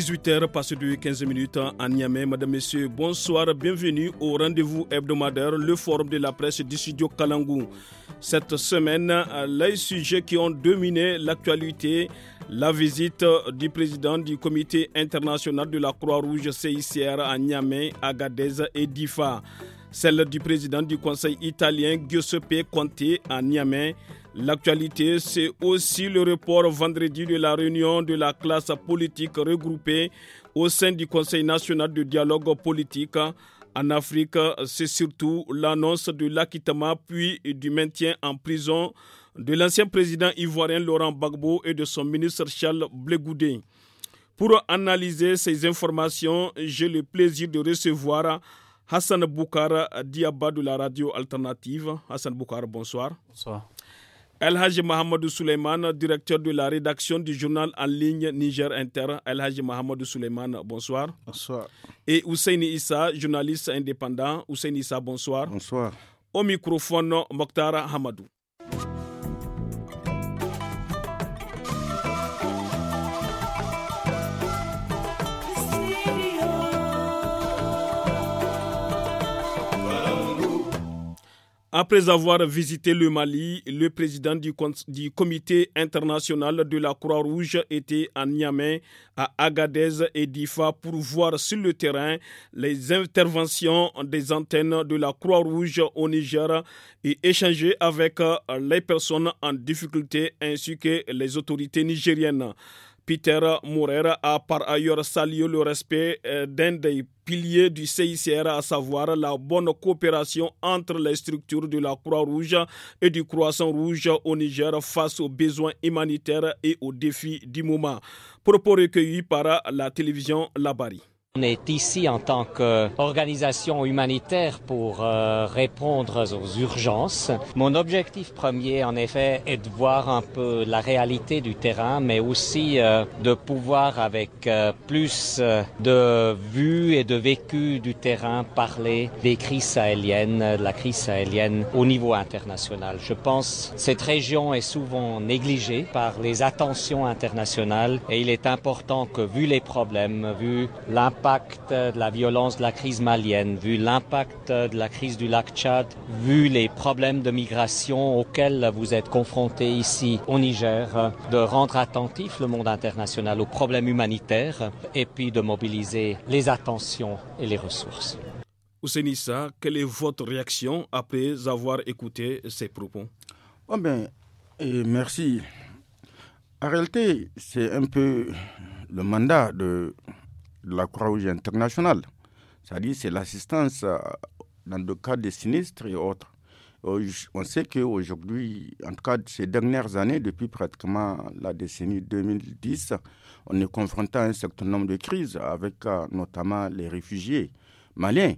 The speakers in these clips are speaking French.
18h passé de 15 minutes à Niamey. Madame, Messieurs, bonsoir. Bienvenue au rendez-vous hebdomadaire, le forum de la presse du studio Kalangou. Cette semaine, les sujets qui ont dominé l'actualité, la visite du président du comité international de la Croix-Rouge CICR à Niamey, Agadez et Difa. Celle du président du conseil italien Giuseppe Conte à Niamey L'actualité, c'est aussi le report vendredi de la réunion de la classe politique regroupée au sein du Conseil national de dialogue politique. En Afrique, c'est surtout l'annonce de l'acquittement puis du maintien en prison de l'ancien président ivoirien Laurent Gbagbo et de son ministre Charles Blegoudé. Pour analyser ces informations, j'ai le plaisir de recevoir Hassan Boukar Diaba de la radio alternative. Hassan Boukar, bonsoir. Bonsoir. El Hajj Mohamedou Souleyman, directeur de la rédaction du journal en ligne Niger Inter. Elhaji Mohamedou Souleyman, bonsoir. Bonsoir. Et Husseini Issa, journaliste indépendant. Ousseini Issa, bonsoir. Bonsoir. Au microphone, Mokhtar Hamadou. Après avoir visité le Mali, le président du, comité international de la Croix-Rouge était à Niamey, à Agadez et Difa pour voir sur le terrain les interventions des antennes de la Croix-Rouge au Niger et échanger avec euh, les personnes en difficulté ainsi que les autorités nigériennes. Peter Moreira a par ailleurs salué le respect euh, d'un des piliers du CICR, à savoir la bonne coopération entre les structures de la Croix-Rouge et du Croissant-Rouge au Niger face aux besoins humanitaires et aux défis du moment. Propos recueillis par la télévision Labari. On est ici en tant qu'organisation humanitaire pour euh, répondre aux urgences. Mon objectif premier, en effet, est de voir un peu la réalité du terrain, mais aussi euh, de pouvoir, avec euh, plus de vues et de vécu du terrain, parler des crises sahéliennes, de la crise sahélienne au niveau international. Je pense que cette région est souvent négligée par les attentions internationales et il est important que, vu les problèmes, vu l'impact l'impact de la violence de la crise malienne, vu l'impact de la crise du lac Tchad, vu les problèmes de migration auxquels vous êtes confrontés ici au Niger, de rendre attentif le monde international aux problèmes humanitaires et puis de mobiliser les attentions et les ressources. Ousenissa, quelle est votre réaction après avoir écouté ces propos oh ben, Merci. En réalité, c'est un peu le mandat de la Croix-Rouge internationale. C'est-à-dire, c'est l'assistance euh, dans le cas des sinistres et autres. Euh, on sait qu'aujourd'hui, en tout cas ces dernières années, depuis pratiquement la décennie 2010, on est confronté à un certain nombre de crises, avec euh, notamment les réfugiés maliens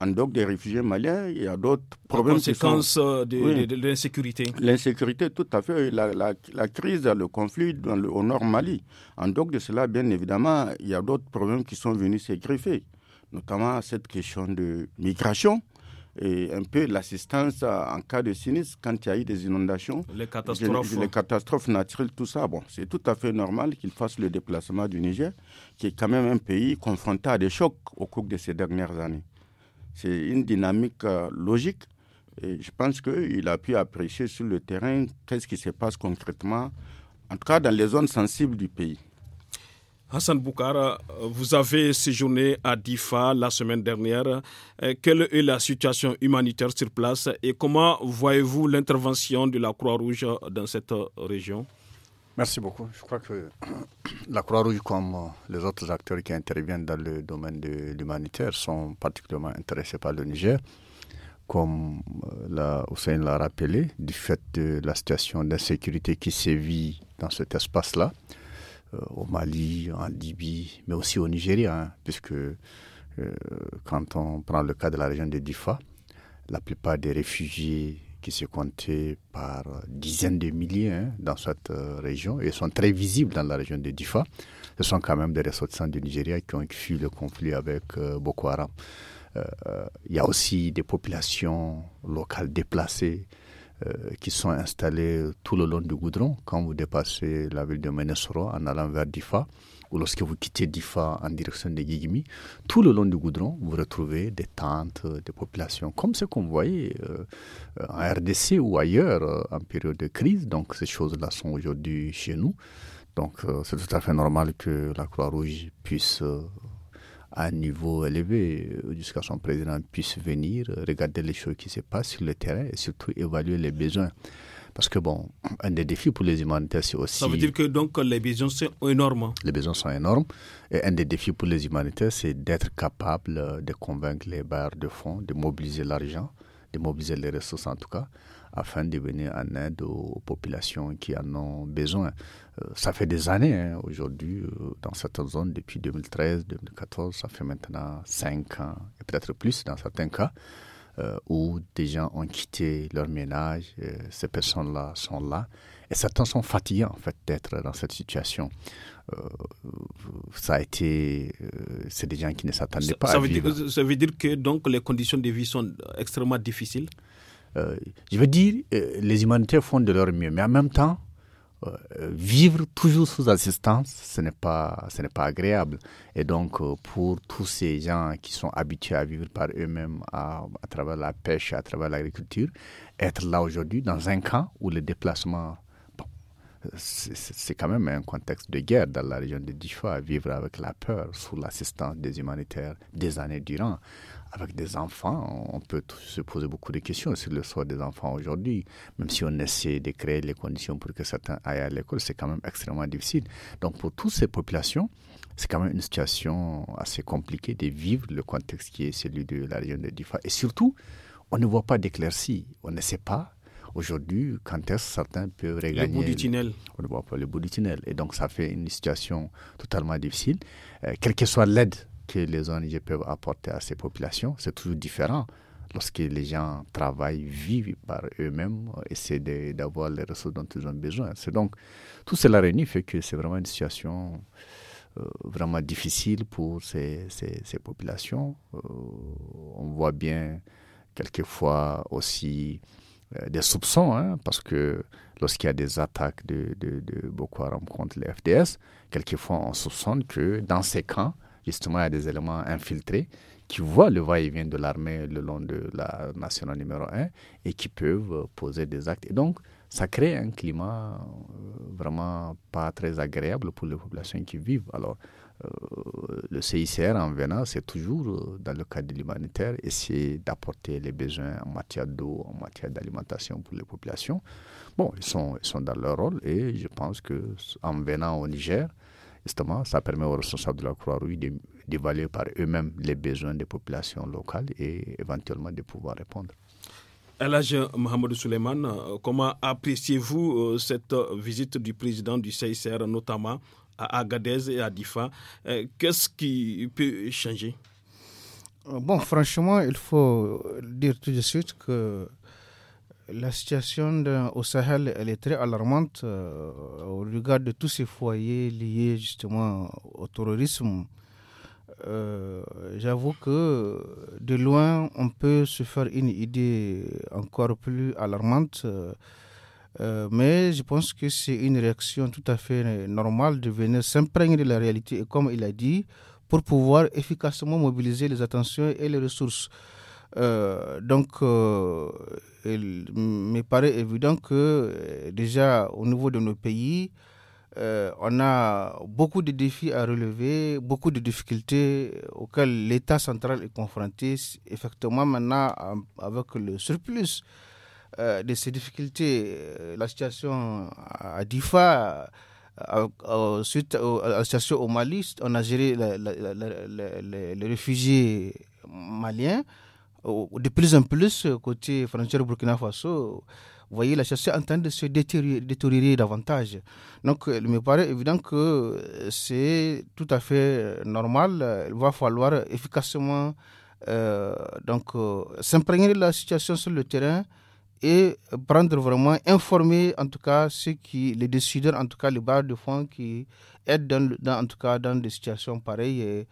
en dehors des réfugiés maliens, il y a d'autres problèmes. Les conséquences sont... Euh, de, l'insécurité. L'insécurité, tout à fait. La, la, crise, le conflit dans le, au nord Mali. En dehors de cela, bien évidemment, il y a d'autres problèmes qui sont venus ségriffer notamment cette question de migration et un peu l'assistance en cas de sinistre quand il y a eu des inondations. Les catastrophes. Les catastrophes naturelles, tout ça. Bon, c'est tout à fait normal qu'ils fassent le déplacement du Niger, qui est quand même un pays confronté à des chocs au cours de ces dernières années. C'est une dynamique euh, logique. Et je pense qu'il a pu apprécier sur le terrain qu'est-ce qui se passe concrètement, en tout cas dans les zones sensibles du pays. Hassan Boukara, vous avez séjourné à Difa la semaine dernière. Euh, quelle est la situation humanitaire sur place et comment voyez-vous l'intervention de la Croix-Rouge dans cette euh, région Merci beaucoup. Je crois que la Croix-Rouge, comme euh, les autres acteurs qui interviennent dans le domaine de l'humanitaire, sont particulièrement intéressés par le Niger. Comme euh, la, Hussein l'a rappelé, du fait de la situation d'insécurité qui sévit dans cet espace-là, euh, au Mali, en Libye, mais aussi au Nigeria, hein, puisque quand on prend le cas de la région de Difa, la plupart des réfugiés qui se comptaient par dizaines de milliers hein, dans cette euh, région et sont très visibles dans la région de Difa. Ce sont quand même des ressortissants du Nigeria qui ont fui le conflit avec euh, Boko Haram. Euh, il y a aussi des populations locales déplacées qui sont installées tout le long du goudron. Quand vous dépassez la ville de Menesoro en allant vers Difa, ou lorsque vous quittez Difa en direction de Gigimi, tout le long du goudron, vous retrouvez des tentes, des populations, comme ce qu'on voyait euh, en RDC ou ailleurs euh, en période de crise. Donc ces choses-là sont aujourd'hui chez nous. Donc euh, c'est tout à fait normal que la Croix-Rouge puisse, à un niveau élevé, jusqu'à son président, puisse venir regarder les choses qui se passent sur le terrain et surtout évaluer les besoins. Parce que, bon, un des défis pour les humanitaires, c'est aussi. Ça veut dire que donc les besoins sont énormes. Les besoins sont énormes. Et un des défis pour les humanitaires, c'est d'être capable euh, de convaincre les bailleurs de fonds, de mobiliser l'argent, de mobiliser les ressources en tout cas, afin de venir en aide aux populations qui en ont besoin. Euh, ça fait des années hein, aujourd'hui, euh, dans certaines zones, depuis 2013, 2014, ça fait maintenant cinq ans et peut-être plus dans certains cas. Euh, où des gens ont quitté leur ménage, euh, ces personnes-là sont là. Et certains sont fatigués, en fait, d'être dans cette situation. Euh, ça a été. c'est des gens qui ne s'attendaient pas ça à veut vivre. Dire, ça veut dire que donc les conditions de vie sont extrêmement difficiles Je veux dire, les humanitaires font de leur mieux, mais en même temps, euh, vivre toujours sous assistance, ce n'est pas, ce n'est pas agréable. Et donc, euh, pour tous ces gens qui sont habitués à vivre par eux-mêmes à, travers la pêche, à travers l'agriculture, être là aujourd'hui dans un camp où le déplacement, c'est quand même un contexte de guerre dans la région de à vivre avec la peur sous l'assistance des humanitaires des années durant avec des enfants, on peut se poser beaucoup de questions sur le sort des enfants aujourd'hui. Même si on essaie de créer les conditions pour que certains aillent à l'école, c'est quand même extrêmement difficile. Donc pour toutes ces populations, c'est quand même une situation assez compliquée de vivre le contexte qui est celui de la région de Difa. Et surtout, on ne voit pas d'éclaircie. On ne sait pas aujourd'hui quand est-ce certains peuvent regagner. Le bout du tunnel. On ne voit pas le bout du tunnel. Et donc ça fait une situation totalement difficile. Euh, quelle que soit l'aide que les ONG peuvent apporter à ces populations. C'est toujours différent lorsque les gens travaillent, vivent par eux-mêmes, essaient d'avoir les ressources dont ils ont besoin. C'est donc tout cela réunit, fait que c'est vraiment une situation euh, vraiment difficile pour ces, ces, populations. Euh, on voit bien quelquefois aussi euh, des soupçons, hein, parce que lorsqu'il y a des attaques de, de, de Boko Haram contre les FDS, quelquefois on soupçonne que dans ces camps, justement, il y a des éléments infiltrés qui voient le va-et-vient de l'armée le long de la nationale numéro 1 et qui peuvent poser des actes. Et donc, ça crée un climat euh, vraiment pas très agréable pour les populations qui vivent. Alors, euh, le CICR en venant, c'est toujours euh, dans le cadre de l'humanitaire, essayer d'apporter les besoins en matière d'eau, en matière d'alimentation pour les populations. Bon, ils sont, ils sont dans leur rôle et je pense qu'en venant au Niger, Justement, ça permet aux responsables de la Croix-Rouge d'évaluer par eux-mêmes les besoins des populations locales et éventuellement de pouvoir répondre. Alage Mohamed Souleymane, euh, comment appréciez-vous euh, cette visite du président du CICR, notamment à Agadez et à Difa euh, Qu'est-ce qui peut changer Bon, franchement, il faut dire tout de suite que la situation au Sahel, est très alarmante euh, au regard de tous ces foyers liés justement au terrorisme. Euh, j'avoue que de loin, on peut se faire une idée encore plus alarmante, euh, mais je pense que c'est une réaction tout à fait normale de venir s'imprégner de la réalité comme il a dit, pour pouvoir efficacement mobiliser les attentions et les ressources. Euh, donc, euh, il me paraît évident que euh, déjà au niveau de nos pays, on a beaucoup de défis à relever, beaucoup de difficultés auxquelles l'État central est confronté, effectivement maintenant avec le surplus de ces difficultés. La situation à Difa, suite à la situation au Mali, on a géré les réfugiés maliens. Euh, de plus en plus, euh, côté frontière Burkina Faso, vous voyez, la chasse est en train de se détériorer, davantage. Donc, euh, il me paraît évident que c'est tout à fait normal. Il va falloir efficacement donc s'imprégner de la situation sur le terrain et prendre vraiment, informer en tout cas ceux qui, les décideurs, en tout cas les barres de fond qui aident dans, en tout cas dans des situations pareilles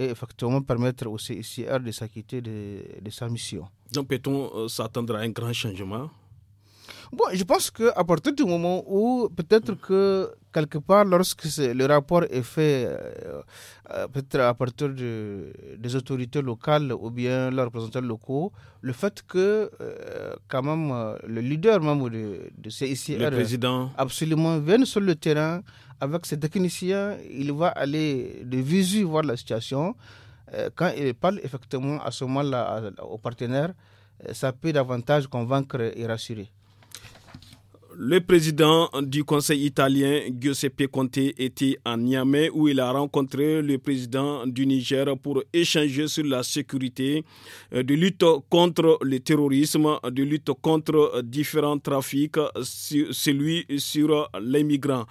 et effectivement permettre au CICR de s'acquitter de, sa mission. Donc peut-on euh, s'attendre à un grand changement Bon, je pense qu'à partir du moment où peut-être que quelque part, lorsque le rapport est fait, euh, euh, peut-être à partir des autorités locales ou bien leurs représentants locaux, le fait que quand même le leader même de, de CICR, le président, absolument, vienne sur le terrain, avec ses techniciens, il va aller de visu voir la situation. Euh, quand il parle effectivement à ce moment-là aux partenaires, euh, ça peut davantage convaincre et rassurer. Le président du Conseil italien, Giuseppe Conte, était à Niamey où il a rencontré le président du Niger pour échanger sur la sécurité, euh, de lutte contre le terrorisme, de lutte contre différents trafics, celui sur les migrants.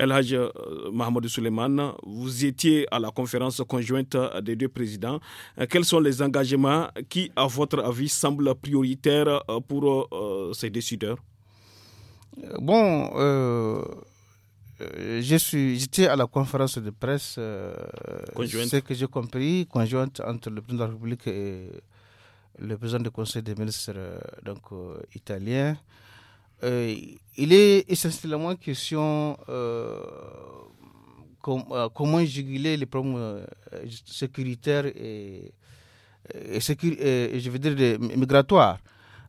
El Hajj euh, Mohamed Souleiman, vous étiez à la conférence conjointe des deux présidents. Euh, quels sont les engagements qui, à votre avis, semblent prioritaires euh, pour ces décideurs Bon, je suis, j'étais à la conférence de presse, euh, ce que j'ai compris, conjointe entre le président de la République et le président du Conseil des ministres donc, italiens. Euh, il est essentiellement question euh, euh comment juguler les problèmes euh, sécuritaires et, et, et, je veux dire migratoires.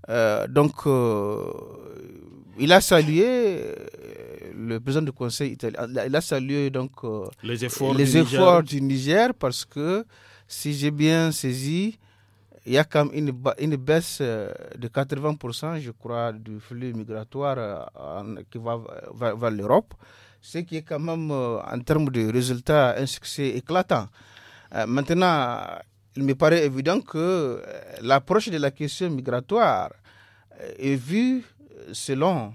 migratoires. donc, il a salué le président du Conseil italien. Il a salué donc les efforts, les efforts du, Niger. parce que si j'ai bien saisi, il y a quand même une, baisse euh, de 80%, je crois, du flux migratoire euh, qui va vers, l'Europe, ce qui est quand même, euh, en termes de résultats, un succès éclatant. maintenant, il me paraît évident que l'approche de la question migratoire est vue selon,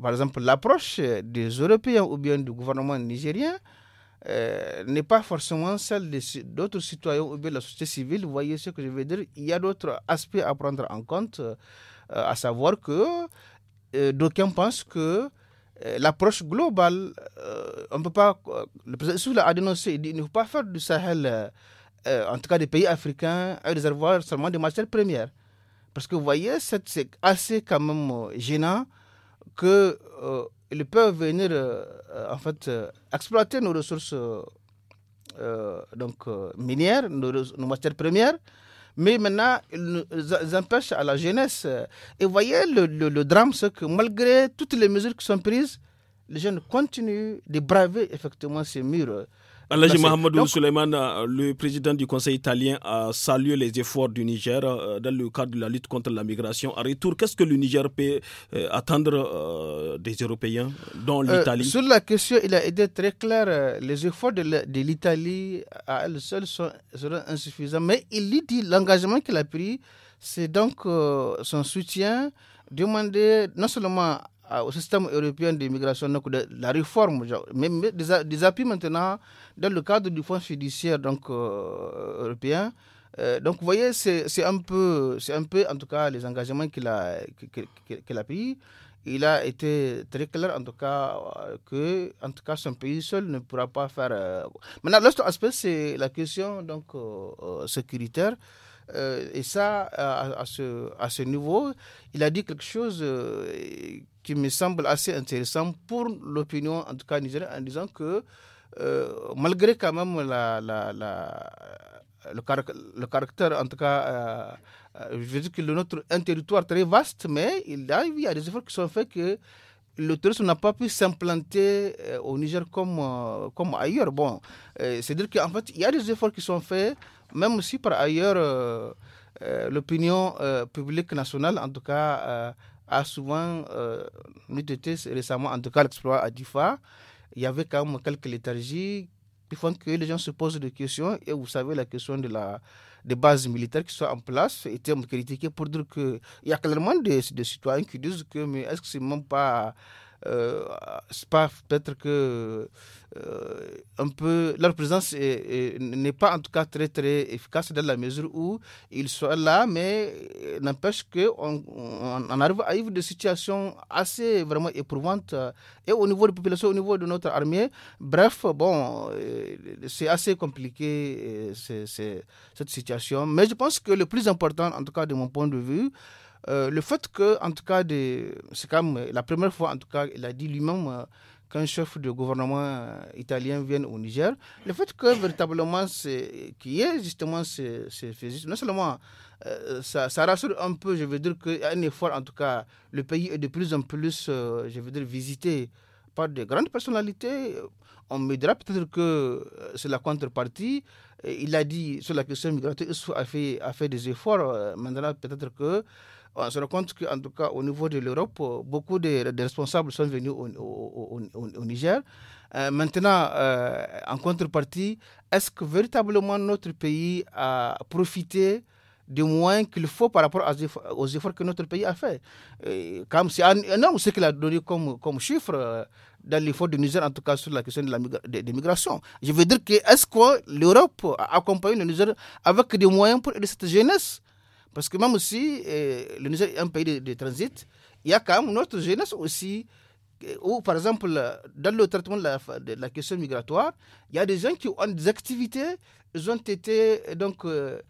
par exemple, l'approche des Européens ou bien du gouvernement nigérien euh, n'est pas forcément celle d'autres citoyens ou de la société civile. Vous voyez ce que je veux dire Il y a d'autres aspects à prendre en compte, euh, à savoir que euh, d'aucuns pensent que l'approche globale, on ne peut pas. le président Soula a dénoncé, il dit ne faut pas faire du Sahel, en tout cas des pays africains, un réservoir seulement des matières premières. Parce que vous voyez, c'est assez quand même gênant que ils peuvent venir euh, euh, en fait euh, exploiter nos ressources donc minières, nos, matières premières. Mais maintenant, ils, empêchent à la jeunesse. Et voyez le, drame, c'est que malgré toutes les mesures qui sont prises, les jeunes continuent de braver effectivement ces murs Alhaji Mohamedou Suleiman, euh, le président du Conseil italien, a salué les efforts du Niger euh, dans le cadre de la lutte contre la migration. À retour, qu'est-ce que le Niger peut euh, attendre des Européens, dont l'Italie Sur la question, il a été très clair. Les efforts de l'Italie à elle seule sont, seront insuffisants. Mais il lui dit l'engagement qu'il a pris, c'est donc son soutien demander non seulement ah, au système européen d'immigration, donc de la réforme, mais, des, des, appuis maintenant dans le cadre du fonds fiduciaire donc, euh, européen. Euh, donc, vous voyez, c'est un, peu, un peu, en tout cas, les engagements qu'il a, a pris il a été très clair en tout cas euh, que en tout cas son pays seul ne pourra pas faire. Maintenant l'autre aspect c'est la question donc sécuritaire. Euh, et ça, à, ce, à ce niveau, il a dit quelque chose euh, qui me semble assez intéressant pour l'opinion, en tout cas nigérienne, en disant que euh, malgré quand même la, le, caractère, en tout cas, je veux dire que le notre un territoire très vaste, mais il, il y a des efforts qui sont faits que le tourisme n'a pas pu s'implanter au Niger comme, comme ailleurs. Bon, c'est-à-dire qu'en fait, il y a des efforts qui sont faits même si par ailleurs, euh, euh, l'opinion euh, publique nationale, en tout cas, a souvent noté récemment, en tout cas, l'exploit à Difa. Il y avait quand même quelques léthargies qui font que les gens se posent des questions. Et vous savez, la question de la, des bases militaires qui sont en place était critiquée pour dire qu'il y a clairement des, des, citoyens qui disent que, mais est-ce que c'est même pas euh, peut-être que euh, un peu, leur présence n'est pas en tout cas très très efficace dans la mesure où ils sont là, mais euh, n'empêche qu'on on arrive à vivre des situations assez vraiment éprouvantes et au niveau de la population, au niveau de notre armée. Bref, bon, c'est assez compliqué cette situation, mais je pense que le plus important, en tout cas de mon point de vue, euh, le fait que, en tout cas, c'est comme la première fois, en tout cas, il a dit lui-même euh, qu'un chef de gouvernement euh, italien vienne au Niger, le fait que véritablement, qu'il y ait justement ce physiques, non seulement ça, rassure un peu, je veux dire qu'il y a un effort, en tout cas, le pays est de plus en plus, je veux dire, visité par de grandes personnalités. On me dira peut-être que c'est la contrepartie. Il a dit sur la question migratoire, il a fait, a fait des efforts. Maintenant, peut-être que on se rend compte qu'en tout cas, au niveau de l'Europe, euh, beaucoup de, responsables sont venus au, Niger. Euh, maintenant, euh, en contrepartie, est-ce que véritablement notre pays a profité des moyens qu'il faut par rapport aux efforts que notre pays a fait Comme si, énorme ce qu'il a donné comme, chiffre dans l'effort du Niger, en tout cas sur la question de la Je veux dire que est-ce que l'Europe a accompagné le Niger avec des moyens pour aider cette jeunesse parce que même si eh, le Niger est un pays de, transit, il y a quand même notre jeunesse aussi, eh, où par exemple, dans le traitement de la, question migratoire, il y a des gens qui ont des activités, ils ont été, eh, donc, euh,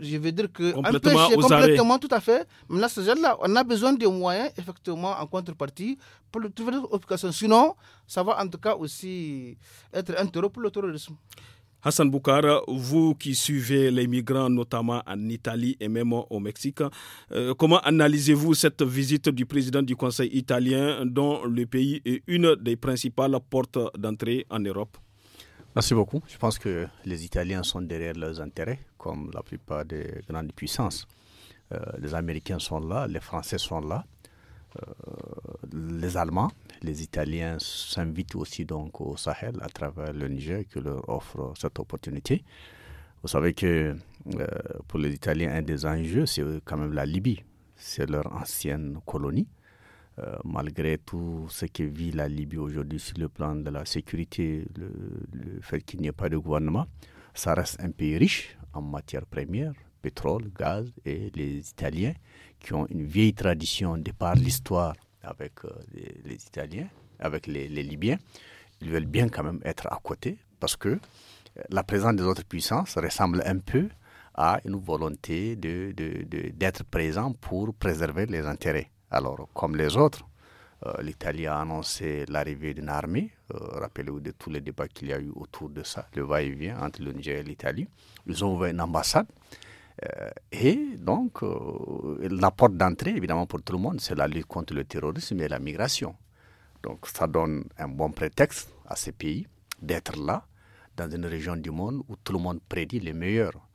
je veux dire que complètement, empêchés, complètement tout à fait. Maintenant, ce genre là on a besoin de moyens, effectivement, en contrepartie, pour le, trouver des occupation. Sinon, ça va en tout cas aussi être un terreau pour le terrorisme. Hassan Boukara, vous qui suivez les migrants, notamment en Italie et même au Mexique, euh, comment analysez-vous cette visite du président du Conseil italien dont le pays est une des principales portes d'entrée en Europe Merci beaucoup. Je pense que les Italiens sont derrière leurs intérêts, comme la plupart des grandes puissances. Euh, les Américains sont là, les Français sont là. Euh, les Allemands, les Italiens s'invitent aussi donc au Sahel à travers le Niger qui leur offre cette opportunité. Vous savez que euh, pour les Italiens, un des enjeux, c'est quand même la Libye. C'est leur ancienne colonie. Euh, malgré tout ce que vit la Libye aujourd'hui sur le plan de la sécurité, le fait qu'il n'y ait pas de gouvernement, ça reste un pays riche en matières premières, pétrole, gaz, et les Italiens qui ont une vieille tradition de par l'histoire avec euh, les, Italiens, avec les, Libyens, ils veulent bien quand même être à côté parce que euh, la présence des autres puissances ressemble un peu à une volonté d'être de, présent pour préserver les intérêts. Alors, comme les autres, euh, l'Italie a annoncé l'arrivée d'une armée. Rappelez-vous de tous les débats qu'il y a eu autour de ça, le va-et-vient entre le Niger et l'Italie. Ils ont ouvert une ambassade. Euh, et donc, euh, la porte d'entrée, évidemment, pour tout le monde, c'est la lutte contre le terrorisme et la migration. Donc, ça donne un bon prétexte à ces pays d'être là, dans une région du monde où tout le monde prédit les meilleurs.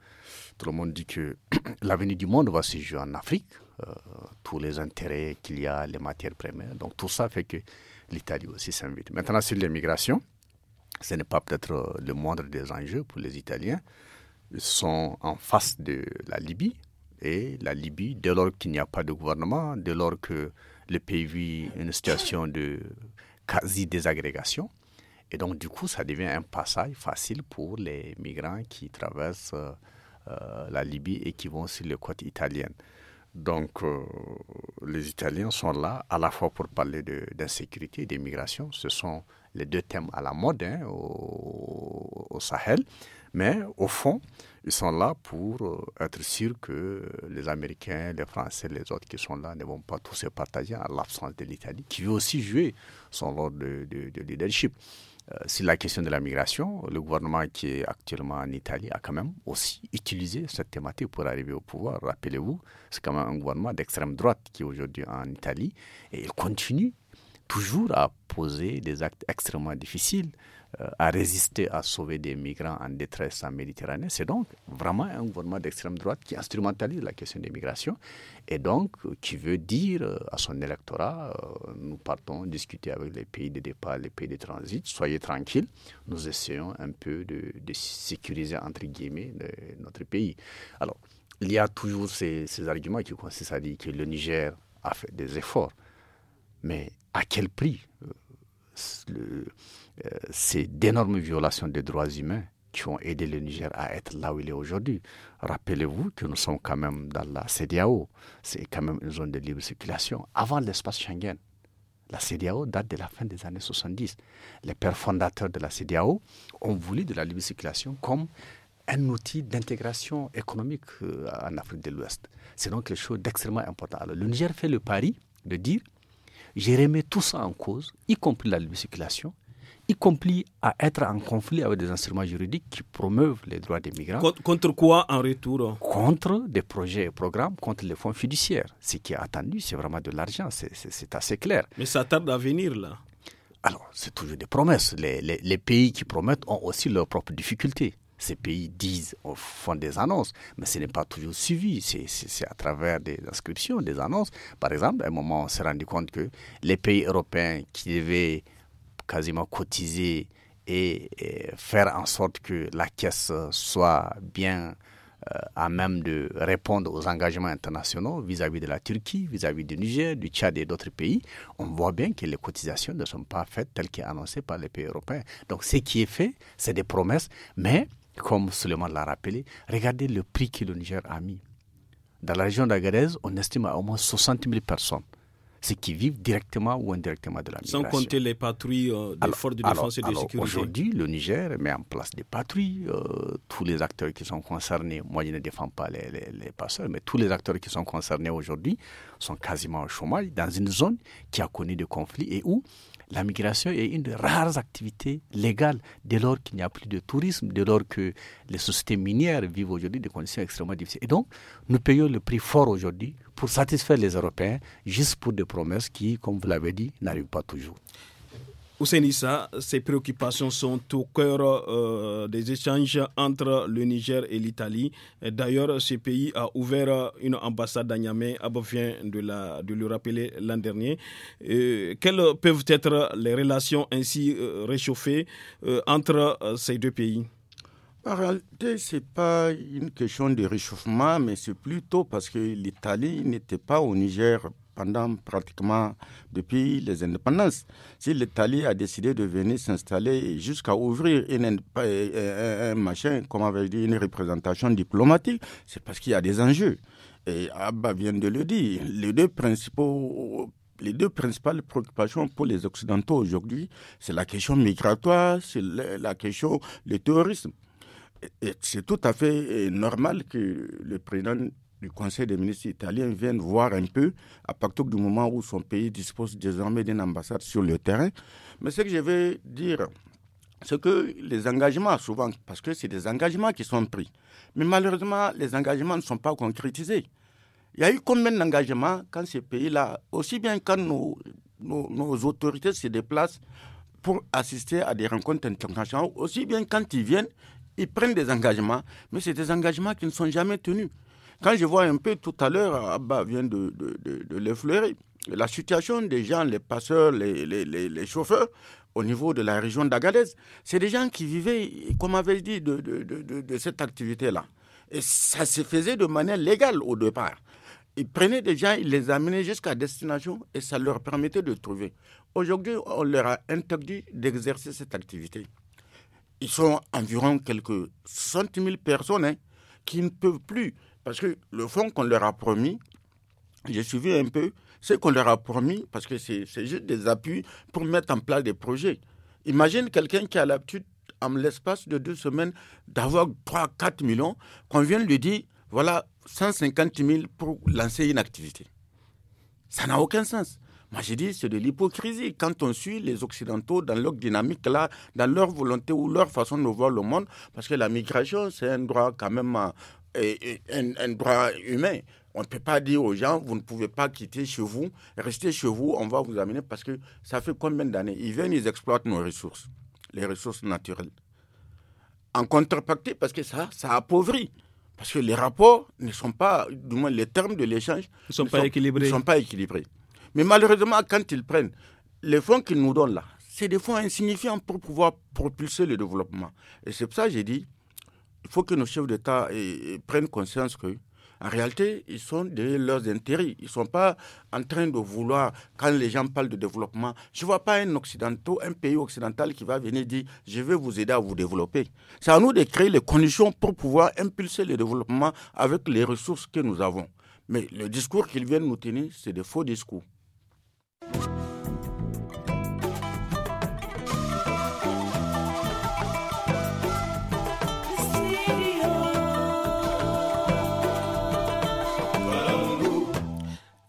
Tout le monde dit que l'avenir du monde va se jouer en Afrique, euh, tous les intérêts qu'il y a, les matières premières. Donc, tout ça fait que l'Italie aussi s'invite. Maintenant, sur l'immigration, ce n'est pas peut-être le moindre des enjeux pour les Italiens sont en face de la Libye. Et la Libye, dès lors qu'il n'y a pas de gouvernement, dès lors que le pays vit une situation de quasi-désagrégation, et donc du coup, ça devient un passage facile pour les migrants qui traversent euh, euh, la Libye et qui vont sur les côtes italiennes. Donc, euh, les Italiens sont là à la fois pour parler d'insécurité et d'immigration. Ce sont les deux thèmes à la mode hein, au Sahel. Mais au fond, ils sont là pour euh, être sûrs que les Américains, les Français, les autres qui sont là ne vont pas tous se partager à l'absence de l'Italie, qui veut aussi jouer son rôle de, leadership. C'est euh, la question de la migration, le gouvernement qui est actuellement en Italie a quand même aussi utilisé cette thématique pour arriver au pouvoir. Rappelez-vous, c'est quand même un gouvernement d'extrême droite qui est aujourd'hui en Italie et il continue toujours à poser des actes extrêmement difficiles, euh, à résister à sauver des migrants en détresse en Méditerranée. C'est donc vraiment un gouvernement d'extrême droite qui instrumentalise la question des migrations et donc euh, qui veut dire euh, à son électorat, nous partons discuter avec les pays de départ, les pays de transit, soyez tranquilles, nous essayons un peu de, sécuriser, entre guillemets, de, notre pays. Alors, il y a toujours ces, ces arguments qui consistent à dire que le Niger a fait des efforts, mais à quel prix euh, euh, ces d'énormes violations des droits humains qui ont aidé le Niger à être là où il est aujourd'hui. Rappelez-vous que nous sommes quand même dans la CDAO. C'est quand même une zone de libre circulation avant l'espace Schengen. La CDAO date de la fin des années 70. Les pères fondateurs de la CDAO ont voulu de la libre circulation comme un outil d'intégration économique euh, en Afrique de l'Ouest. C'est donc quelque chose d'extrêmement important. le Niger fait le pari de dire j'ai remis tout ça en cause, y compris la libre circulation, y compris à être en conflit avec des instruments juridiques qui promeuvent les droits des migrants. Contre quoi en retour Contre des projets et programmes, contre les fonds fiduciaires. Ce qui est attendu, c'est vraiment de l'argent, c'est assez clair. Mais ça tarde à venir, là. Alors, c'est toujours des promesses. les, pays qui promettent ont aussi leurs propres difficultés ces pays disent, au fond des annonces, mais ce n'est pas toujours suivi. C'est à travers des inscriptions, des annonces. Par exemple, à un moment, on s'est rendu compte que les pays européens qui devaient quasiment cotiser et, faire en sorte que la caisse soit bien euh, à même de répondre aux engagements internationaux vis-à-vis de la Turquie, vis-à-vis -vis du Niger, du Tchad et d'autres pays, on voit bien que les cotisations ne sont pas faites telles qu'annoncées par les pays européens. Donc ce qui est fait, c'est des promesses, mais comme Suleiman l'a rappelé, regardez le prix que le Niger a mis. Dans la région d'Agadez, on estime à au moins 60 000 personnes, ce qui vivent directement ou indirectement de la migration. Sans compter les patrouilles euh, des forces de défense et de sécurité. Aujourd'hui, le Niger met en place des patrouilles. Euh, tous les acteurs qui sont concernés, moi je ne défends pas les, les passeurs, mais tous les acteurs qui sont concernés aujourd'hui sont quasiment au chômage dans une zone qui a connu des conflits et où la migration est une des rares activités légales dès lors qu'il n'y a plus de tourisme, dès lors que les sociétés minières vivent aujourd'hui des conditions extrêmement difficiles. Et donc, nous payons le prix fort aujourd'hui pour satisfaire les Européens, juste pour des promesses qui, comme vous l'avez dit, n'arrivent pas toujours. Ousenissa, ces préoccupations sont au cœur euh, des échanges entre le Niger et l'Italie. D'ailleurs, ce pays a ouvert une ambassade à Niamey, vient de, la, de le rappeler l'an dernier. Euh, quelles peuvent être les relations ainsi euh, réchauffées entre ces deux pays en réalité, ce n'est pas une question de réchauffement, mais c'est plutôt parce que l'Italie n'était pas au Niger pendant pratiquement depuis les indépendances. Si l'Italie a décidé de venir s'installer jusqu'à ouvrir une, euh, un machin, comme avait dit, une représentation diplomatique, c'est parce qu'il y a des enjeux. Et Abba vient de le dire, les deux principaux les deux principales préoccupations pour les Occidentaux aujourd'hui, c'est la question migratoire, c'est la question du terrorisme. C'est tout à fait euh, normal que le président le Conseil des ministres italiens viennent voir un peu, à partir du moment où son pays dispose désormais d'une ambassade sur le terrain. Mais ce que je veux dire, c'est que les engagements, souvent, parce que c'est des engagements qui sont pris, mais malheureusement, les engagements ne sont pas concrétisés. Il y a eu combien d'engagements quand ces pays-là, aussi bien quand nos, nos, nos autorités se déplacent pour assister à des rencontres internationales, aussi bien quand ils viennent, ils prennent des engagements, mais c'est des engagements qui ne sont jamais tenus. Quand je vois un peu tout à l'heure, Abba vient de, de, de, l'effleurer, la situation des gens, les passeurs, les, les, les, chauffeurs, au niveau de la région d'Agadez, c'est des gens qui vivaient, comme avait dit, de, de cette activité-là. Et ça se faisait de manière légale au départ. Ils prenaient des gens, ils les amenaient jusqu'à destination et ça leur permettait de trouver. Aujourd'hui, on leur a interdit d'exercer cette activité. Ils sont environ quelques 60 000 personnes hein, qui ne peuvent plus parce que le fonds qu'on leur a promis, j'ai suivi un peu ce qu'on leur a promis, parce que c'est juste des appuis pour mettre en place des projets. Imagine quelqu'un qui a l'habitude, en l'espace de deux semaines, d'avoir 3-4 millions, qu'on vienne lui dire, voilà, 150 000 pour lancer une activité. Ça n'a aucun sens. Moi, j'ai dit, c'est de l'hypocrisie. Quand on suit les Occidentaux dans leur dynamique, là, dans leur volonté ou leur façon de voir le monde, parce que la migration, c'est un droit quand même à... Euh, un, un droit humain. On ne peut pas dire aux gens, vous ne pouvez pas quitter chez vous, restez chez vous, on va vous amener parce que ça fait combien d'années Ils viennent, ils exploitent nos ressources, les ressources naturelles. En contrepartie, parce que ça, ça appauvrit. Parce que les rapports ne sont pas, du moins les termes de l'échange ne sont, pas, équilibrés. Ne sont pas équilibrés. Mais malheureusement, quand ils prennent les fonds qu'ils nous donnent là, c'est des fonds insignifiants pour pouvoir propulser le développement. Et c'est pour ça que j'ai dit, il faut que nos chefs d'État euh, euh, prennent conscience que en réalité, ils sont de leurs intérêts. Ils ne sont pas en train de vouloir, quand les gens parlent de développement, je ne vois pas un occidentaux, un pays occidental qui va venir dire je vais vous aider à vous développer. C'est à nous de créer les conditions pour pouvoir impulser le développement avec les ressources que nous avons. Mais le discours qu'ils viennent nous tenir, c'est des faux discours.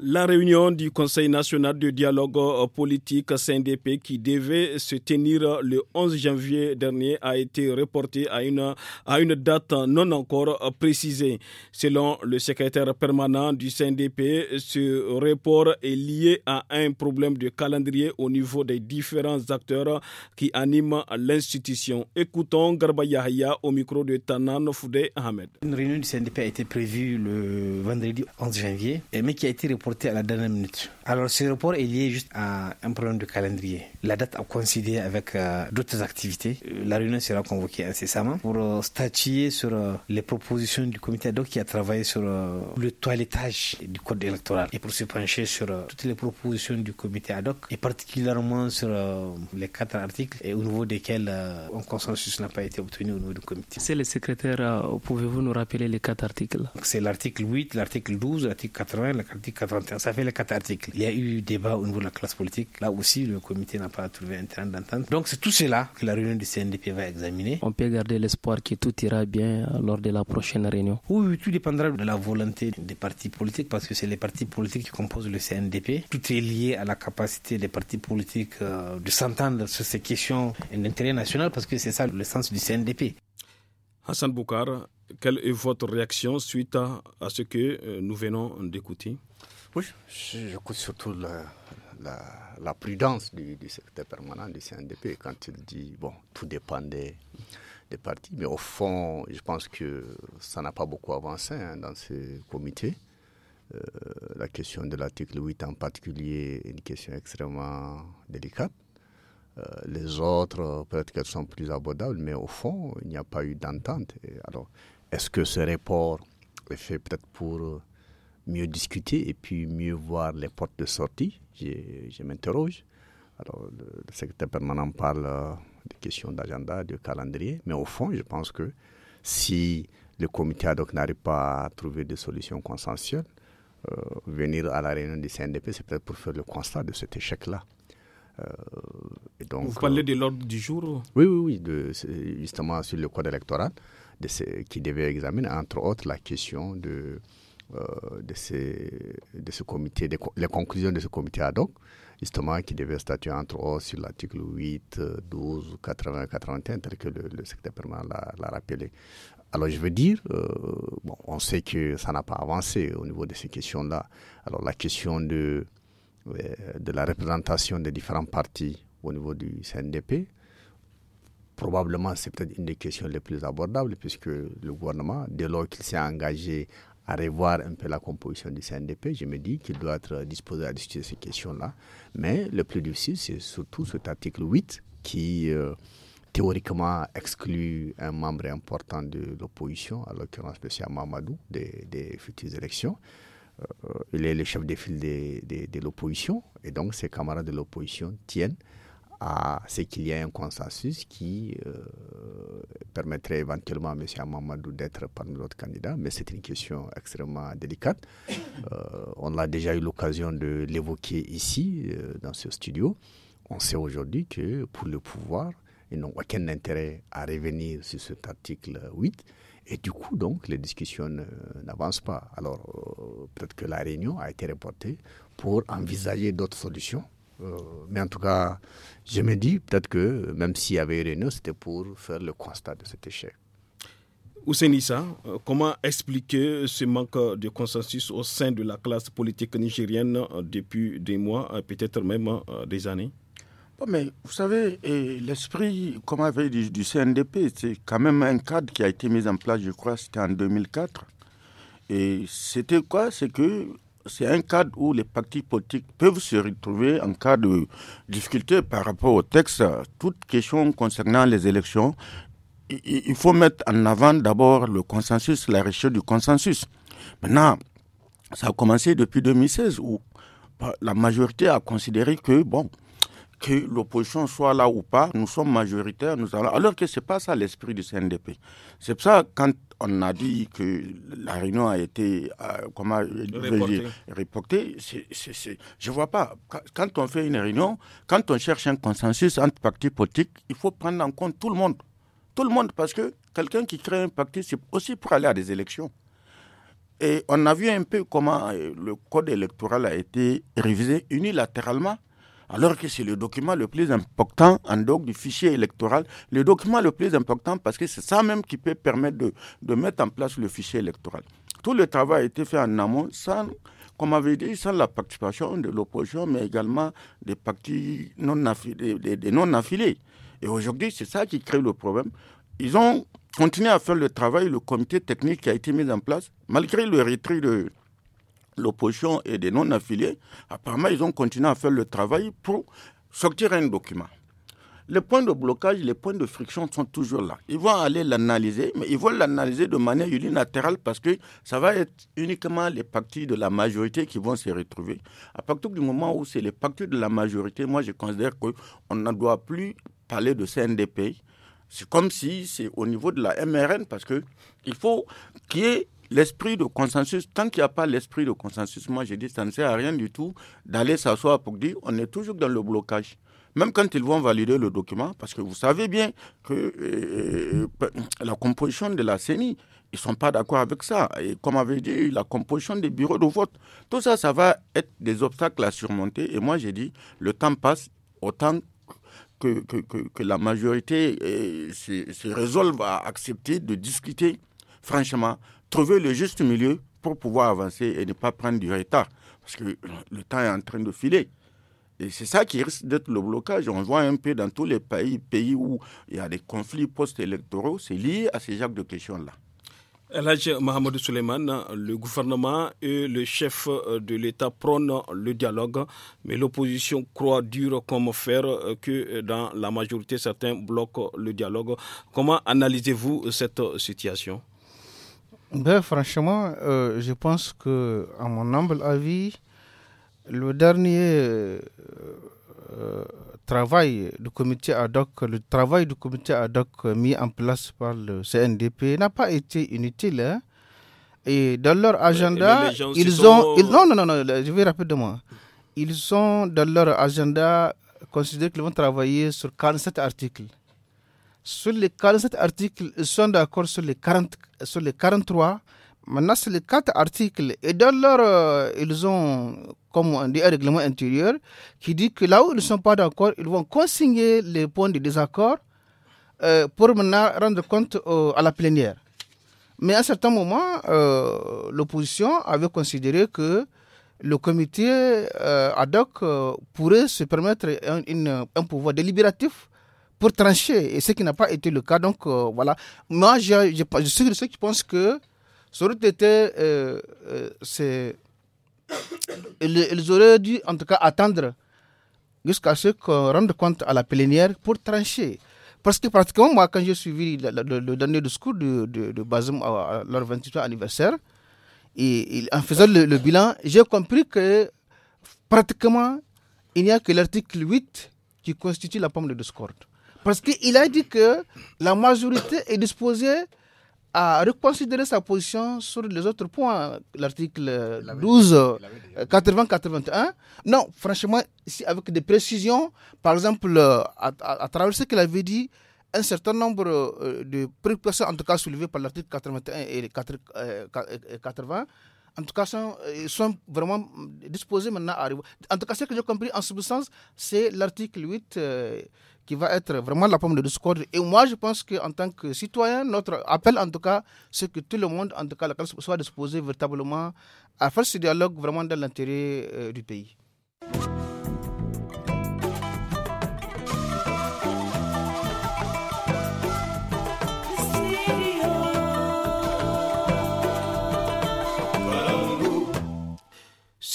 La réunion du Conseil national de dialogue euh, politique CNDP qui devait se tenir le 11 janvier dernier a été reportée à une, à une date non encore euh, précisée. Selon le secrétaire permanent du CNDP, ce report est lié à un problème de calendrier au niveau des différents acteurs euh, qui animent l'institution. Écoutons Garba Yahya au micro de Tanan Foudé Ahmed. Une réunion du CNDP a été prévue le vendredi 11 janvier, mais qui a été reportée à la dernière minute. Alors ce report est lié juste à un problème de calendrier la date a coïncidé avec euh, d'autres activités. Euh, la réunion sera convoquée incessamment pour euh, statuer sur les propositions du comité ad hoc qui a travaillé sur le toilettage du code électoral et pour se pencher sur toutes les propositions du comité ad hoc et particulièrement sur les quatre articles et au niveau desquels un consensus n'a pas été obtenu au niveau du comité. C'est le secrétaire, pouvez-vous nous rappeler les quatre articles C'est l'article 8, l'article 12, l'article 80, l'article 81. Ça fait les quatre articles. Il y a eu débat au niveau de la classe politique. Là aussi, le comité n'a pas trouver un terrain d'entente. Donc c'est tout cela que la réunion du CNDP va examiner. On peut garder l'espoir que tout ira bien euh, lors de la prochaine réunion. Oui, tout dépendra de la volonté des partis politiques parce que c'est les partis politiques qui composent le CNDP. Tout est lié à la capacité des partis politiques euh, de s'entendre sur ces questions d'intérêt national parce que c'est ça le sens du CNDP. Hassan Boukar, quelle est votre réaction suite à, ce que euh, nous venons d'écouter Oui, j'écoute surtout le la, prudence du, du, secrétaire permanent du CNDP quand il dit, bon, tout dépend des, partis. Mais au fond, je pense que ça n'a pas beaucoup avancé hein, dans ce comité. Euh, la question de l'article 8 en particulier est une question extrêmement délicate. Euh, les autres, peut-être qu'elles sont plus abordables, mais au fond, il n'y a pas eu d'entente. Alors, est-ce que ce report est fait peut-être pour mieux discuter et puis mieux voir les portes de sortie. Je, m'interroge. Alors, le, secrétaire permanent parle euh, des questions d'agenda, de calendrier, mais au fond, je pense que si le comité ad hoc n'arrive pas à trouver des solutions consensuelles, euh, venir à la réunion du CNDP, c'est peut-être pour faire le constat de cet échec-là. Euh, et donc, Vous parlez de l'ordre du jour Oui, oui, oui, de, justement sur le code électoral de ce, qui devait examiner, entre autres, la question de euh, de, ces, de ce comité, les conclusions de ce comité ad hoc, justement, qui devait statuer entre autres sur l'article 8, 12, 80, 81, tel que le, secrétaire permanent l'a rappelé. Alors je veux dire, euh, bon, on sait que ça n'a pas avancé au niveau de ces questions-là. Alors la question de, euh, de la représentation des différents partis au niveau du CNDP, probablement c'est peut-être une des questions les plus abordables puisque le gouvernement, dès lors qu'il s'est engagé à revoir un peu la composition du CNDP. Je me dis qu'il doit être disposé à discuter ces questions-là. Mais le plus difficile, c'est surtout cet article 8 qui euh, théoriquement exclut un membre important de l'opposition, à l'occurrence spécialement Mamadou, des, futures élections. Euh, il est le chef de file de l'opposition et donc ses camarades de l'opposition tiennent à ce qu'il y ait un consensus qui euh, permettrait éventuellement à M. Amamadou d'être parmi d'autres candidats. mais c'est une question extrêmement délicate. Euh, on a déjà eu l'occasion de l'évoquer ici, euh, dans ce studio. On sait aujourd'hui que pour le pouvoir, ils n'ont aucun intérêt à revenir sur cet article 8. Et du coup, donc, les discussions n'avancent pas. Alors, peut-être que la réunion a été reportée pour envisager d'autres solutions euh, mais en tout cas, je me dis peut-être que même s'il y avait réunion, c'était pour faire le constat de cet échec. Ousenissa, euh, comment expliquer ce manque de consensus au sein de la classe politique nigérienne euh, depuis des mois, peut-être même des années mais Vous savez, l'esprit, comme avait du CNDP, c'est quand même un cadre qui a été mis en place, je crois, c'était en 2004. Et c'était quoi C'est que c'est un cadre où les partis politiques peuvent se retrouver en cas de difficulté par rapport au texte. Toute question concernant les élections, il faut mettre en avant d'abord le consensus, la recherche du consensus. Maintenant, ça a commencé depuis 2016 où bah, la majorité a considéré que, bon, que l'opposition soit là ou pas, nous sommes majoritaires, nous allons... Alors que ce n'est pas ça l'esprit du CNDP. C'est pour ça, quand on a dit que la réunion a été euh, comment, reportée, je ne vois pas. Quand on fait une réunion, quand on cherche un consensus entre partis politiques, il faut prendre en compte tout le monde. Tout le monde, parce que quelqu'un qui crée un parti, c'est aussi pour aller à des élections. Et on a vu un peu comment euh, le code électoral a été révisé unilatéralement alors que c'est le document le plus important en dehors du fichier électoral, le document le plus important parce que c'est ça même qui peut permettre de, mettre en place le fichier électoral. Tout le travail a été fait en amont sans comme avait dit, sans la participation de l'opposition, mais également des partis non affiliés, non affiliés. Et aujourd'hui, c'est ça qui crée le problème. Ils ont continué à faire le travail, le comité technique qui a été mis en place, malgré le retrait de, l'opposition et des non-affiliés, apparemment, ils ont continué à faire le travail pour sortir un document. Les points de blocage, les points de friction sont toujours là. Ils vont aller l'analyser, mais ils vont l'analyser de manière unilatérale parce que ça va être uniquement les partis de la majorité qui vont se retrouver. À partir du moment où c'est les partis de la majorité, moi je considère qu'on ne doit plus parler de CNDP. C'est comme si c'est au niveau de la MRN parce qu'il faut qu'il y ait l'esprit de consensus, tant qu'il n'y a pas l'esprit de consensus, moi j'ai dit ça ne sert à rien du tout d'aller s'asseoir pour dire on est toujours dans le blocage. Même quand ils vont valider le document, parce que vous savez bien que euh, euh, la composition de la CENI, ils ne sont pas d'accord avec ça. Et comme avait dit, la composition des bureaux de vote, tout ça, ça va être des obstacles à surmonter. Et moi j'ai dit, le temps passe autant que, que, la majorité euh, se résolve à accepter de discuter franchement trouver le juste milieu pour pouvoir avancer et ne pas prendre du retard. Parce que le temps est en train de filer. Et c'est ça qui risque d'être le blocage. On voit un peu dans tous les pays, pays où il y a des conflits post-électoraux, c'est lié à ces genres de questions-là. L'âge Mohamed Souleymane, le gouvernement et le chef de l'État prônent le dialogue, mais l'opposition croit dur comme faire que dans la majorité, certains bloquent le dialogue. Comment analysez-vous cette situation ben, franchement, euh, je pense que, à mon humble avis, le dernier euh, euh, travail du comité ad hoc, le travail du comité ad mis en place par le CNDP n'a pas été inutile. Hein. Et dans leur agenda, ils ont, ils, non, non, non, je vais rapidement. Ils ont dans leur agenda considéré qu'ils vont travailler sur 47 articles. Sur les, 47 articles, ils sont d'accord sur les, 40, sur les 43. Maintenant, sur les 4 articles. Et dans leur, uh, ils ont, comme on dit, un règlement intérieur qui dit que là où ils ne sont pas d'accord, ils vont consigner les points de désaccord euh, pour maintenant rendre compte euh, à la plénière. Mais à un certain moment, euh, l'opposition avait considéré que le comité ad hoc pourrait se permettre un pouvoir délibératif pour trancher, et ce qui n'a pas été le cas. Donc euh, voilà, moi je, suis de ceux qui pensent que ça aurait euh, euh, c'est, ils, auraient dû en tout cas attendre jusqu'à ce qu'on rende compte à la plénière pour trancher. Parce que pratiquement, moi, quand j'ai suivi le, dernier discours de, de, Bazem à, leur 28e anniversaire, et, en faisant le, le bilan, j'ai compris que pratiquement, il n'y a que l'article 8 qui constitue la pomme de discorde. Parce qu'il a dit que la majorité est disposée à reconsidérer sa position sur les autres points, l'article 12, 80-81. Non, franchement, avec des précisions, par exemple, euh, à, travers ce qu'il avait dit, un certain nombre euh, de préoccupations, en tout cas soulevées par l'article 81 et 80, euh, en tout cas, sont, vraiment disposés maintenant à arriver. En tout cas, ce que j'ai compris en substance, c'est l'article 8 qui va être vraiment la pomme de discorde. Et moi, je pense qu'en tant que citoyen, notre appel, en tout cas, c'est que tout le monde, en tout cas, soit disposé véritablement à faire ce dialogue vraiment dans l'intérêt euh, du pays.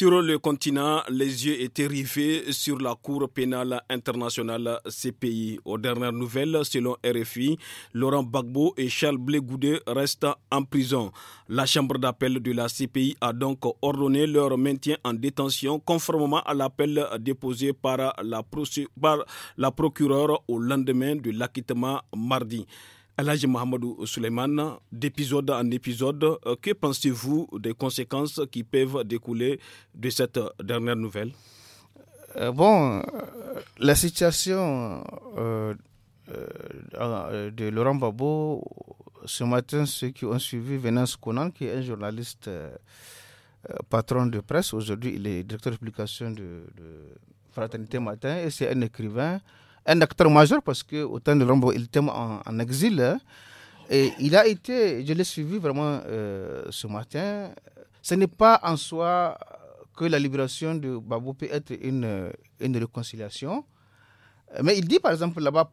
Sur le continent, les yeux étaient rivés sur la Cour pénale internationale CPI. Aux dernières nouvelles, selon RFI, Laurent Gbagbo et Charles Blé restent en prison. La Chambre d'appel de la CPI a donc ordonné leur maintien en détention conformément à l'appel déposé par la procureure au lendemain de l'acquittement mardi. Alhaji Mohamedou Suleiman, d'épisode en épisode, euh, que pensez-vous des conséquences qui peuvent découler de cette dernière nouvelle euh, Bon, euh, la situation de Laurent Babo, ce matin, ceux qui ont suivi Venance Conan, qui est un journaliste patron de presse, aujourd'hui il est directeur de publication de Fraternité Matin, et c'est un écrivain un acteur majeur parce que au temps de l'ombre, il était en, exil. Hein. Et il a été, je l'ai suivi vraiment euh, ce matin. Ce n'est pas en soi que la libération de Babou peut être une, une réconciliation. Mais il dit par exemple là-bas,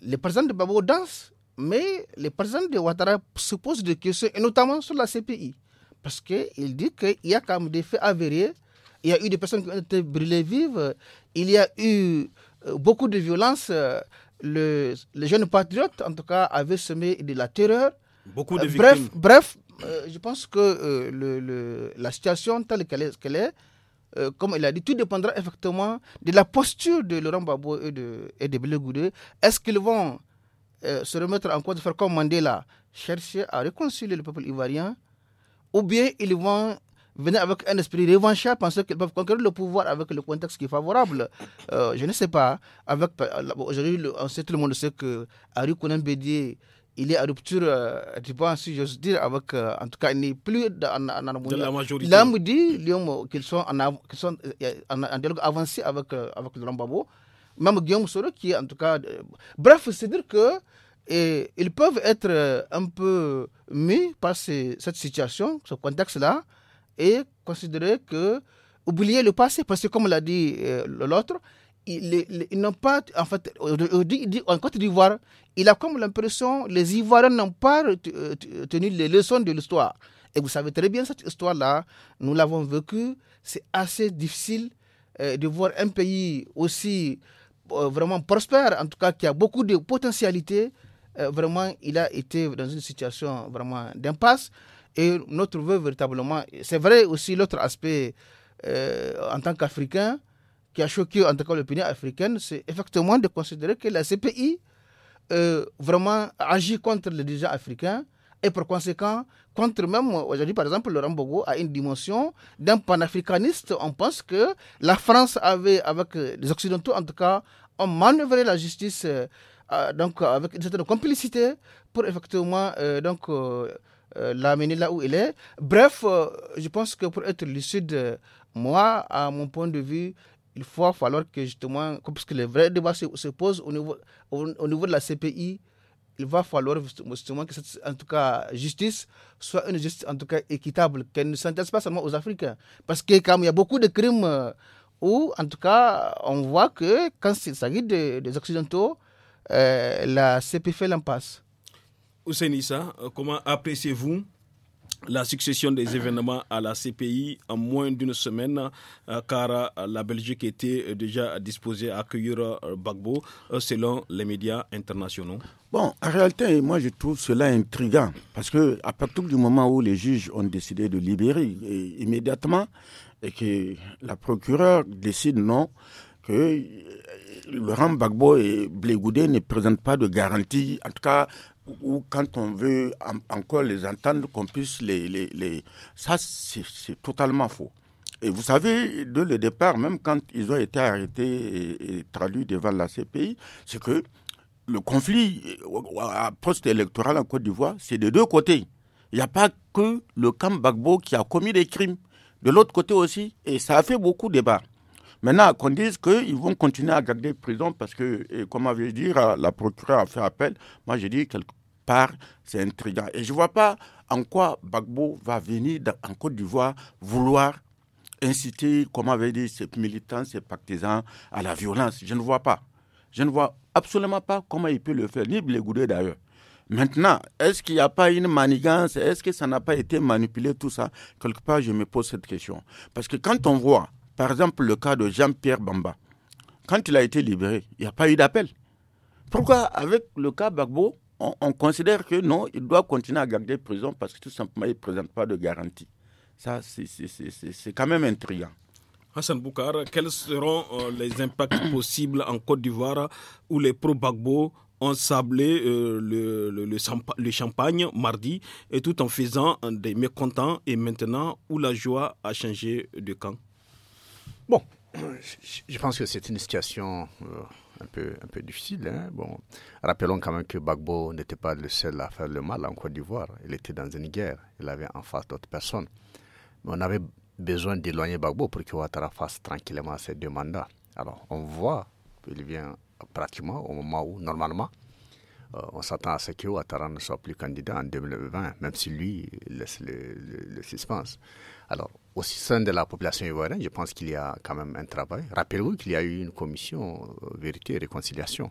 les présents de Babou dansent, mais les présents de Ouattara se posent des questions, et notamment sur la CPI. Parce qu'il dit qu'il y a quand même des faits avérés. Il y a eu des personnes qui ont été brûlées vives. Il y a eu euh, beaucoup de violences. Euh, le, les jeunes patriotes, en tout cas, avaient semé de la terreur. Beaucoup de euh, bref, victimes. Bref, je pense que le, la situation telle qu'elle est, comme il a dit, tout dépendra effectivement de la posture de Laurent Babo et de, et de Goudé. Est-ce qu'ils vont se remettre en cause, faire comme Mandela, chercher à réconcilier le peuple ivoirien, ou bien ils vont venaient avec un esprit revanchard, pensant qu'ils peuvent conquérir le pouvoir avec le contexte qui est favorable. Euh, je ne sais pas. Avec, euh, aujourd'hui, on sait, tout le monde sait que Harry Conan Bédier, il est à rupture, euh, tu vois, si j'ose dire, avec, en tout cas, il n'est plus dans la majorité. Il dit qu'ils sont, en, qu'ils sont en, dialogue avancé avec, avec Laurent Babo, même Guillaume Soro qui est en tout cas. bref, c'est-à-dire que et ils peuvent être un peu mis par cette situation, ce contexte-là, et considérer que oublier le passé parce que comme l'a dit euh, l'autre ils, n'ont pas en fait en Côte d'Ivoire il a comme l'impression les Ivoiriens n'ont pas euh, euh, tenu les leçons de l'histoire et vous savez très bien cette histoire là nous l'avons vécue c'est assez difficile de voir un pays aussi vraiment prospère en tout cas qui a beaucoup de potentialités vraiment il a été dans une situation vraiment d'impasse et notre veut véritablement. C'est vrai aussi l'autre aspect euh, en tant qu'Africain qui a choqué en tout cas l'opinion africaine, c'est effectivement de considérer que la CPI euh, vraiment agit contre les dirigeants africains et par conséquent contre même aujourd'hui par exemple Laurent Bogo a une dimension d'un panafricaniste. On pense que la France avait avec les Occidentaux en tout cas ont manœuvré la justice euh, donc avec une certaine complicité pour effectivement donc euh, l'amener là où il est. Bref, euh, je pense que pour être lucide, euh, moi, à mon point de vue, il faut falloir que justement, parce que le vrai débat se, pose au niveau, au, niveau de la CPI, il va falloir justement que cette en tout cas, justice soit une justice en tout cas équitable, qu'elle ne s'intéresse pas seulement aux Africains. Parce que comme il y a beaucoup de crimes où en tout cas on voit que quand il s'agit des, Occidentaux, la CPI fait l'impasse. Ousenissa, euh, comment appréciez-vous la succession des événements à la CPI en moins d'une semaine, euh, car euh, la Belgique était déjà disposée à accueillir Bagbo, selon les médias internationaux Bon, en réalité, moi je trouve cela intrigant, parce que à partir du moment où les juges ont décidé de libérer immédiatement, et que la procureure décide non, que Laurent Bagbo et Blégoudé ne présentent pas de garantie, en tout cas ou quand on veut encore les entendre, qu'on puisse les, les, les... Ça, c'est totalement faux. Et vous savez, dès le départ, même quand ils ont été arrêtés et, traduits devant la CPI, c'est que le conflit euh, post-électoral en Côte d'Ivoire, c'est des deux côtés. Il n'y a pas que le camp Bagbo qui a commis des crimes. De l'autre côté aussi, et ça a fait beaucoup de débat. Maintenant, qu'on dise qu'ils vont continuer à garder prison parce que, comment comme avait dit euh, la procureure a fait appel, moi j'ai dit quelque part, c'est intrigant. Et je ne vois pas en quoi Bagbo va venir en Côte d'Ivoire vouloir inciter, comme avait dit, ses militants, ses partisans à la violence. Je ne vois pas. Je ne vois absolument pas comment il peut le faire, ni goûter d'ailleurs. Maintenant, est-ce qu'il n'y a pas une manigance Est-ce que ça n'a pas été manipulé, tout ça Quelque part, je me pose cette question. Parce que quand on voit par exemple, le cas de Jean-Pierre Bamba. Quand il a été libéré, il n'y a pas eu d'appel. Pourquoi, avec le cas Bagbo, on, considère que non, il doit continuer à garder prison parce que tout simplement, il ne présente pas de garantie Ça, c'est quand même intriguant. Hassan Boukar, quels seront euh, les impacts possibles en Côte d'Ivoire où les pro-Bagbo ont sablé euh, le, le, champagne mardi et tout en faisant des mécontents et maintenant où la joie a changé de camp Bon, je pense que c'est une situation euh, un peu, un peu difficile. Hein. Bon, rappelons quand même que Bagbo n'était pas le seul à faire le mal en Côte d'Ivoire. Il était dans une guerre. Il avait en face d'autres personnes. Mais on avait besoin d'éloigner Bagbo pour que Ouattara fasse tranquillement ses deux mandats. Alors, on voit qu'il vient pratiquement au moment où, normalement, euh, on s'attend à ce que Ouattara ne soit plus candidat en 2020, même si lui laisse le, le suspense. Alors, au sein de la population ivoirienne, je pense qu'il y a quand même un travail. Rappelez-vous qu'il y a eu une commission euh, vérité et réconciliation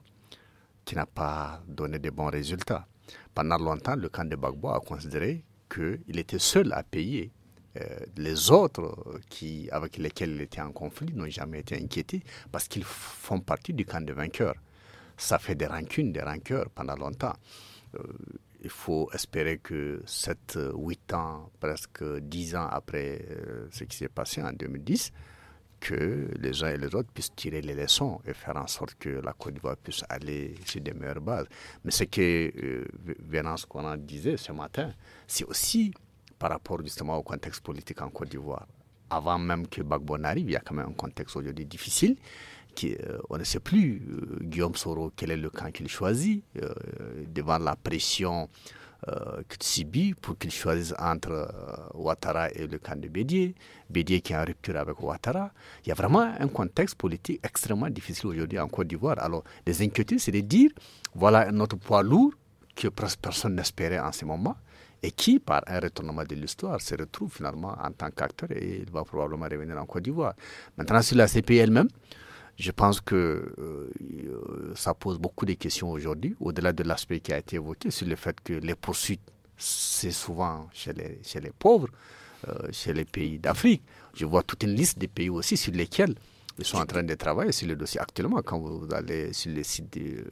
qui n'a pas donné de bons résultats. Pendant longtemps, le camp de Bagbo a considéré qu'il était seul à payer. Euh, les autres euh, qui, avec lesquels il était en conflit n'ont jamais été inquiétés parce qu'ils font partie du camp de vainqueurs. Ça fait des rancunes, des rancœurs pendant longtemps il faut espérer que 7, 8 euh, ans, presque 10 ans après euh, ce qui s'est passé en 2010, que les uns et les autres puissent tirer les leçons et faire en sorte que la Côte d'Ivoire puisse aller sur des meilleures bases. Mais ce que euh, Vénance Conan disait ce matin, c'est aussi par rapport justement au contexte politique en Côte d'Ivoire. Avant même que Bagbo n'arrive, il y a quand même un contexte aujourd'hui difficile. Euh, on ne sait plus, euh, Guillaume Soro, quel est le camp qu'il choisit euh, devant la pression qu'il subit pour qu'il choisisse entre Ouattara et le camp de Bédier, Bédier qui a en rupture avec Ouattara. Il y a vraiment un contexte politique extrêmement difficile aujourd'hui en Côte d'Ivoire. Alors, les inquiétudes, c'est de dire, voilà notre autre poids lourd que personne n'espérait en ce moment et qui, par un retournement de l'histoire, se retrouve finalement en tant qu'acteur et il va probablement revenir en Côte d'Ivoire. Maintenant, sur la CPI elle-même, je pense que euh, ça pose beaucoup de questions aujourd'hui, au-delà de l'aspect qui a été évoqué sur le fait que les poursuites, c'est souvent chez les, pauvres, euh, chez les pays d'Afrique. Je vois toute une liste des pays aussi sur lesquels ils sont en train de travailler sur le dossier actuellement. Quand vous allez sur le site euh,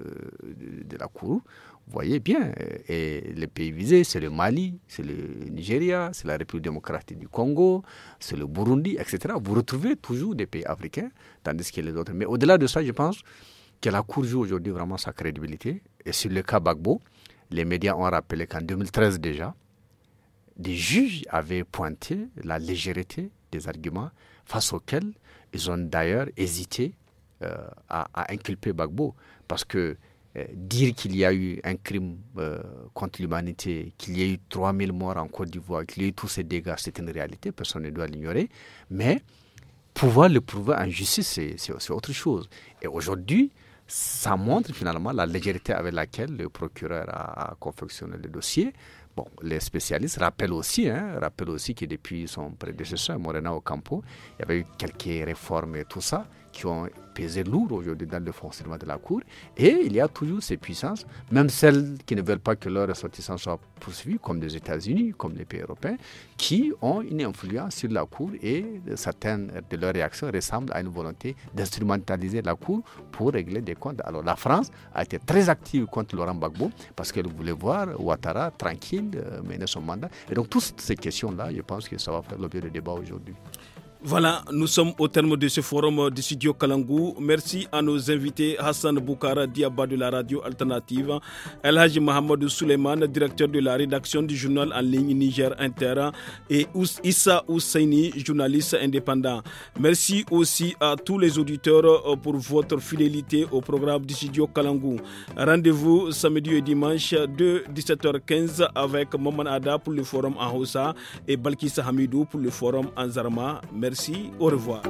de la Cour, voyez bien, euh, et les pays visés, c'est le Mali, c'est le Nigeria, c'est la République démocratique du Congo, c'est le Burundi, etc. Vous retrouvez toujours des pays africains, tandis que les autres. Mais au-delà de ça, je pense que la Cour joue aujourd'hui vraiment sa crédibilité. Et sur le cas Bagbo, les médias ont rappelé qu'en 2013 déjà, des juges avaient pointé la légèreté des arguments face auxquels ils ont d'ailleurs hésité euh, à, à, inculper Bagbo. Parce que euh, dire qu'il y a eu un crime euh, contre l'humanité, qu'il y a eu 3000 morts en Côte d'Ivoire, qu'il y a eu tous ces dégâts, c'est une réalité, personne ne doit l'ignorer. Mais pouvoir le prouver en justice, c'est autre chose. Et aujourd'hui, ça montre finalement la légèreté avec laquelle le procureur a confectionné le dossier les spécialistes rappellent aussi, hein, rappellent aussi que depuis son prédécesseur, Morena Ocampo, il y avait eu quelques réformes et tout ça qui ont pesé lourd aujourd'hui dans le fonctionnement de la Cour. Et il y a toujours ces puissances, même celles qui ne veulent pas que leurs ressortissants soient poursuivis, comme les États-Unis, comme les pays européens, qui ont une influence sur la Cour et certaines de leurs réactions ressemblent à une volonté d'instrumentaliser la Cour pour régler des comptes. Alors la France a été très active contre Laurent Gbagbo parce qu'elle voulait voir Ouattara tranquille euh, mener son mandat. Et donc, toutes ces questions-là, je pense que ça va faire l'objet de débat aujourd'hui. Voilà, nous sommes au terme de ce forum du studio Kalangou. Merci à nos invités Hassan Boukara Diaba de la radio alternative, El Haji Mohamed Souleiman, directeur de la rédaction du journal en ligne Niger Inter, et Issa Ousseini, journaliste indépendant. Merci aussi à tous les auditeurs euh, pour votre fidélité au programme du studio Kalangou. Rendez-vous samedi et dimanche de 17h15 avec Maman Ada pour le forum en et Balkissa Hamidou pour le forum en Zarma. Merci, Au revoir.